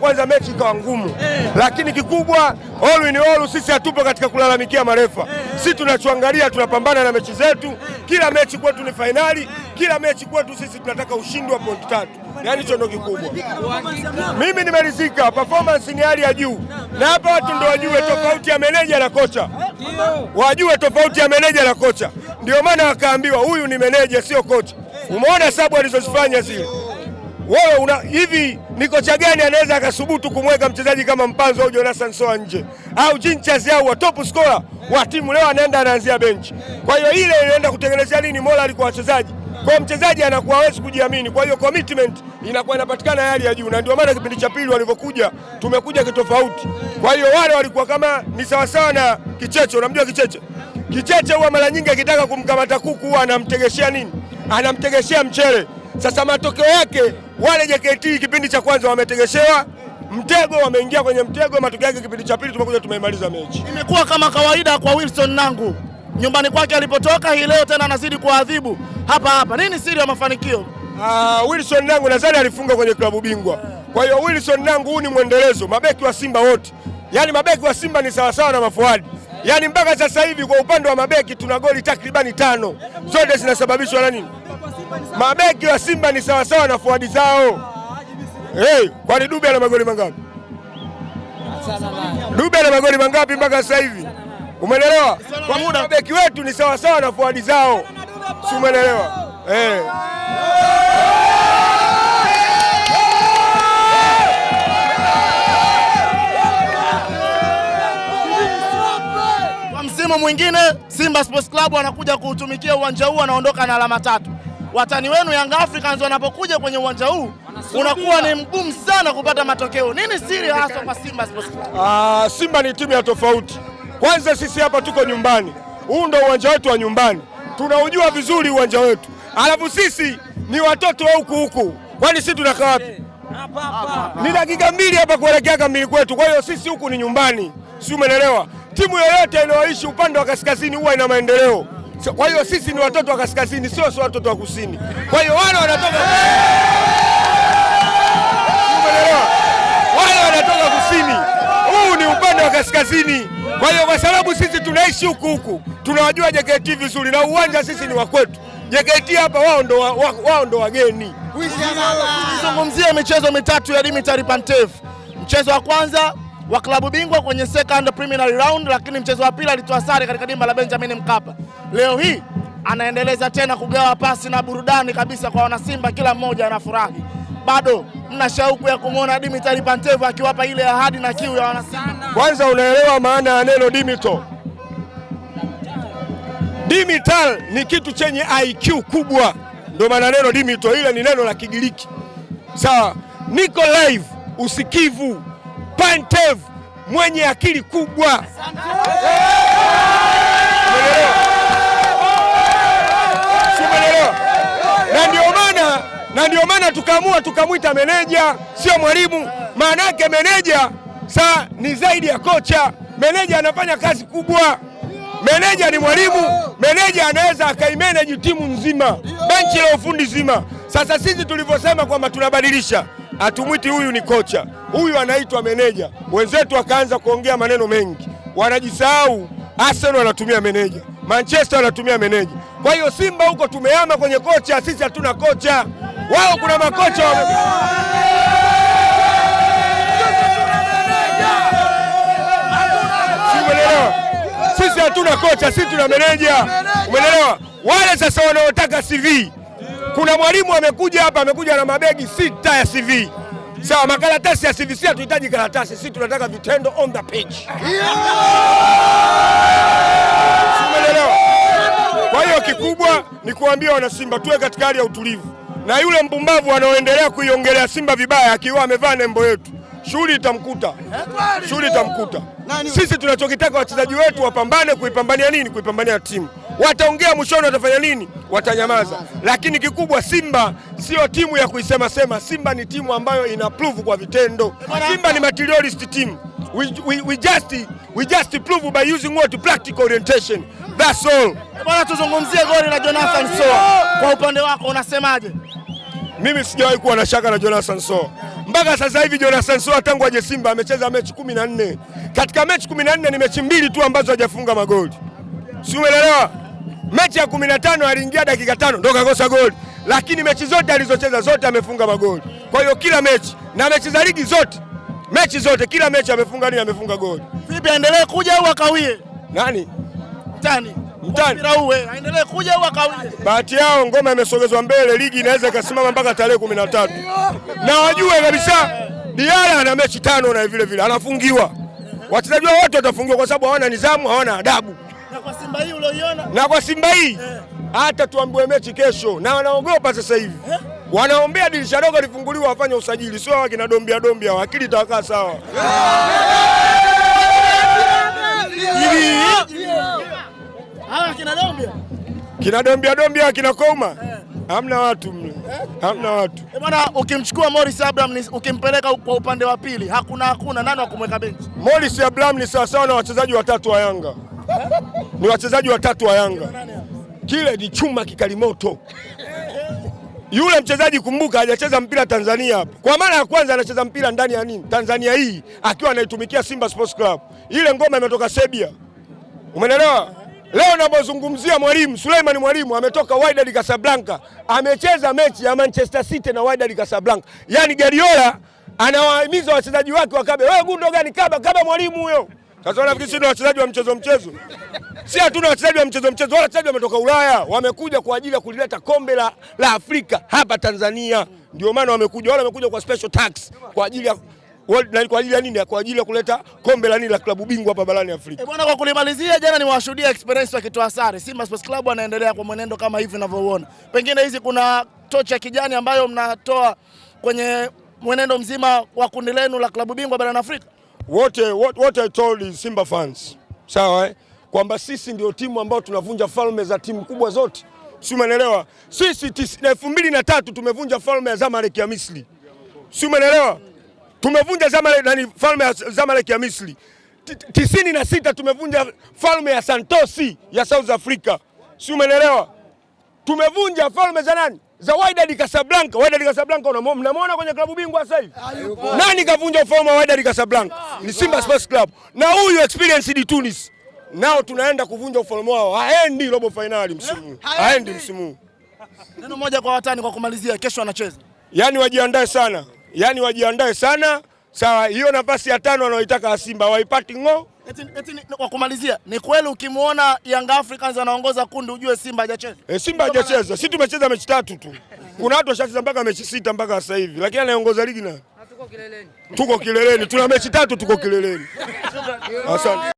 kwanza mechi ikawa ngumu eh. Lakini kikubwa all in all, sisi hatupo katika kulalamikia marefa eh. Sisi eh. tunachoangalia tunapambana na mechi zetu eh. Kila mechi kwetu ni fainali eh. Kila mechi kwetu sisi tunataka ushindi wa pointi tatu, yaani hicho ndio kikubwa. Mimi nimeridhika, performance ni hali ya juu, na hapa watu ndio wajue tofauti ya meneja na kocha, wajue tofauti ya meneja na kocha. Ndio maana wakaambiwa huyu ni meneja, sio kocha. Eh. Umeona sababu alizozifanya zile wewe una hivi, ni kocha gani anaweza akasubutu kumweka mchezaji kama Mpanzo au Jonathan Soa nje au Jinchas au wa top scorer wa timu leo anaenda anaanzia benchi? Kwa hiyo ile inaenda kutengenezea nini morali kwa wachezaji? Kwa hiyo mchezaji anakuwa hawezi kujiamini, kwa hiyo commitment inakuwa inapatikana hali ya juu, na ndio maana kipindi cha pili walivyokuja, tumekuja kitofauti. Kwa hiyo wale walikuwa kama ni sawasawa na Kicheche. Unamjua Kicheche? Kicheche huwa mara nyingi akitaka kumkamata kuku huwa anamtegeshea nini? Anamtegeshea mchele. Sasa matokeo yake wale JKT kipindi cha kwanza wametegeshewa mtego, wameingia kwenye mtego. Matokeo yake kipindi cha pili tumekuja tumeimaliza mechi. Imekuwa kama kawaida kwa Wilson Nangu nyumbani kwake alipotoka, hii leo tena anazidi kuadhibu hapa hapa. Nini siri ya mafanikio? Uh, Wilson Nangu nadhani alifunga kwenye klabu bingwa, kwa hiyo Wilson Nangu huu ni mwendelezo. Mabeki wa Simba wote, yaani mabeki wa Simba ni sawasawa na mafuadi yaani mpaka sasa hivi kwa upande wa mabeki tuna goli takribani tano, zote zinasababishwa na nini? Mabeki wa Simba ni sawasawa na fuadi zao. Hey, kwani Dube ana magoli mangapi? Dube ana magoli mangapi mpaka sasa hivi? Umeelewa? Kwa muda mabeki wetu ni sawasawa na fuadi zao, si umeelewa? Hey. Eh. Kwa msimu mwingine Simba Sports Club anakuja kuutumikia uwanja huu, anaondoka na alama tatu watani wenu Yanga Africans wanapokuja kwenye uwanja huu unakuwa ni mgumu sana kupata matokeo. Nini siri hasa kwa Simba Sports Club? Ah, Simba ni timu ya tofauti. Kwanza sisi hapa tuko nyumbani, huu ndo uwanja wetu wa nyumbani, tunaujua vizuri uwanja wetu, alafu sisi ni watoto wa huku huku, kwani sisi tunakaa wapi? Eh, ni dakika mbili hapa kuelekea kambili kwetu, kwa hiyo sisi huku ni nyumbani, si umeelewa? Timu yoyote inayoishi upande wa kaskazini huwa ina maendeleo So, kwa hiyo sisi ni watoto wa kaskazini, sio sio watoto wa kusini. Kwa hiyo wale wanatoka wale wanatoka kusini, huu ni upande wa kaskazini. Kwa hiyo kwa sababu sisi tunaishi huku huku, tunawajua JKT vizuri na uwanja sisi ni wa kwetu. JKT hapa wao ndo wao ndo wageni. Kizungumzia michezo mitatu ya Dimitari Pantev, mchezo wa kwanza wa klabu bingwa kwenye second preliminary round, lakini mchezo wa pili alitoa sare katika dimba la Benjamin Mkapa. Leo hii anaendeleza tena kugawa pasi na burudani kabisa kwa wanasimba, kila mmoja anafurahi. Bado mna shauku ya kumwona Dimitri Pantevu akiwapa ile ahadi na kiu ya wanasimba. Kwanza unaelewa maana ya neno Dimito. Dimital ni kitu chenye IQ kubwa, ndio maana neno Dimito ile ni neno la Kigiriki. Sawa, niko live, usikivu Pantev mwenye akili kubwa. na ndio maana tukaamua tukamwita meneja, sio mwalimu. Maana yake meneja saa ni zaidi ya kocha. Meneja anafanya kazi kubwa, meneja ni mwalimu, meneja anaweza akaimeneji timu nzima, benchi la ufundi zima. Sasa sisi tulivyosema kwamba tunabadilisha hatumwiti huyu ni kocha, huyu anaitwa meneja. Wenzetu wakaanza kuongea maneno mengi, wanajisahau. Arsenal anatumia meneja, Manchester anatumia meneja. Kwa hiyo Simba huko tumehama kwenye kocha, sisi hatuna kocha, wao kuna makocha wa sisi hatuna kocha, sisi tuna meneja, umeelewa? Wale sasa wanaotaka CV, kuna mwalimu amekuja hapa, amekuja na mabegi sita ya CV. Sawa, makaratasi ya CVC hatuhitaji karatasi, sisi tunataka vitendo on the page. Umeelewa? Kwa hiyo kikubwa ni kuambia wanasimba tuwe katika hali ya utulivu, na yule mpumbavu anaoendelea kuiongelea Simba vibaya akiwa amevaa nembo yetu shughuli itamkuta, shughuli itamkuta. Sisi tunachokitaka wachezaji wetu wapambane kuipambania nini? Kuipambania timu wataongea mwishoni, watafanya nini? Watanyamaza. Lakini kikubwa, Simba sio timu ya kuisema sema. Simba ni timu ambayo ina prove kwa vitendo. Simba ni materialist team. We, we, we just, we just prove by using what practical orientation. That's all. Bwana, tuzungumzie goli la Jonathan Soa. Kwa upande wako unasemaje? Mimi sijawahi kuwa na shaka na Jonathan Soa mpaka sasa hivi. Jonathan Soa tangu aje Simba amecheza mechi kumi na nne. Katika mechi kumi na nne ni mechi mbili tu ambazo hajafunga magoli, si umeelewa? mechi ya 15 aliingia dakika tano ndo kakosa goli, lakini mechi zote alizocheza zote amefunga magoli. Kwa hiyo kila mechi na mechi za ligi zote, mechi zote, kila mechi amefunga nini, amefunga goli. Vipi, aendelee kuja au akawie? Nani mtani mtani, aendelee kuja au akawie? Bahati yao ngoma imesogezwa mbele, ligi inaweza ikasimama mpaka tarehe 13 na wajue kabisa Diara ana mechi tano na vile vile anafungiwa. Wachezaji wote watafungiwa kwa sababu hawana nidhamu, hawana adabu na kwa Simba hii ulioiona, na kwa Simba hii eh. hata eh, tuambiwe mechi kesho, na wanaogopa sasa hivi eh, wanaombea dirisha dogo lifunguliwe wafanye usajili, sio hawa kina dombia dombia, akili itakaa sawa kina dombia dombia kina koma eh. Hamna watu mle, eh? hamna watu eh, bwana. Ukimchukua Morris Abraham ukimpeleka kwa upande wa pili, hakuna hakuna nani wa kumweka benchi. Morris Abraham ni sawasawa na wachezaji watatu wa Yanga ni wachezaji watatu wa Yanga. Kile ni chuma kikalimoto. Yule mchezaji kumbuka, hajacheza mpira Tanzania hapa kwa mara ya kwanza, anacheza mpira ndani ya nini Tanzania hii akiwa anaitumikia Simba Sports Club. Ile ngoma imetoka Serbia, umeelewa? Leo ninapozungumzia mwalimu Suleiman, mwalimu ametoka Wydad Casablanca, amecheza mechi ya Manchester City na Wydad Casablanca. Yaani Guardiola anawahimiza wachezaji wake wakabe, wewe gundo gani kaba kaba mwalimu huyo sasa nafikiri sisi ni wachezaji wa mchezo mchezo, si hatuna wachezaji wa mchezo mchezo, wala wachezaji wametoka Ulaya, wamekuja kwa ajili ya kulileta kombe la, la Afrika hapa Tanzania. Ndio maana wamekuja, wala wamekuja kwa special tax kwa ajili ya kwa ajili ya nini? Kwa ajili ya kuleta kombe la nini la klabu bingwa hapa barani Afrika. Eh, bwana, kwa kulimalizia jana, niwashuhudia experience wakitoa sare. Simba Sports Club anaendelea kwa mwenendo kama hivi unavyoona, pengine hizi kuna tocha ya kijani ambayo mnatoa kwenye mwenendo mzima wa kundi lenu la klabu bingwa barani Afrika what, what, what I told is Simba fans sawa, eh? kwamba sisi ndio timu ambayo tunavunja falme za timu kubwa zote, si umeelewa? Sisi elfu mbili na tatu tumevunja falme ya Zamalek ya Misri, si umeelewa? Tumevunja Zamalek nani, falme ya Zamalek ya Misri. tisini na sita tumevunja falme ya Santosi ya South Africa, si umeelewa? tumevunja falme za nani za Wydad Casablanca. Wydad Casablanca mnamwona kwenye klabu bingwa sasa hivi. Nani kavunja ufalme wa Wydad Casablanca? Ni Simba Sports Club na huyu Experience di Tunis, nao tunaenda kuvunja ufalme wao. Haendi robo fainali msimu huu, haendi msimu huu. Neno moja kwa watani kwa kumalizia, kesho anacheza, yani wajiandae sana, yani wajiandae sana. Sawa, hiyo nafasi ya tano wanaoitaka Simba waipati ng'oo. Eti, eti kwa kumalizia, ni kweli ukimwona Young Africans anaongoza kundi ujue Simba hajacheza. E, Simba hajacheza. Sisi tumecheza mechi tatu tu. Kuna watu washacheza mpaka mechi sita mpaka sasa hivi. Lakini anaongoza ligi na tuko kileleni. Tuko kileleni. Tuna mechi tatu tuko kileleni. Asante.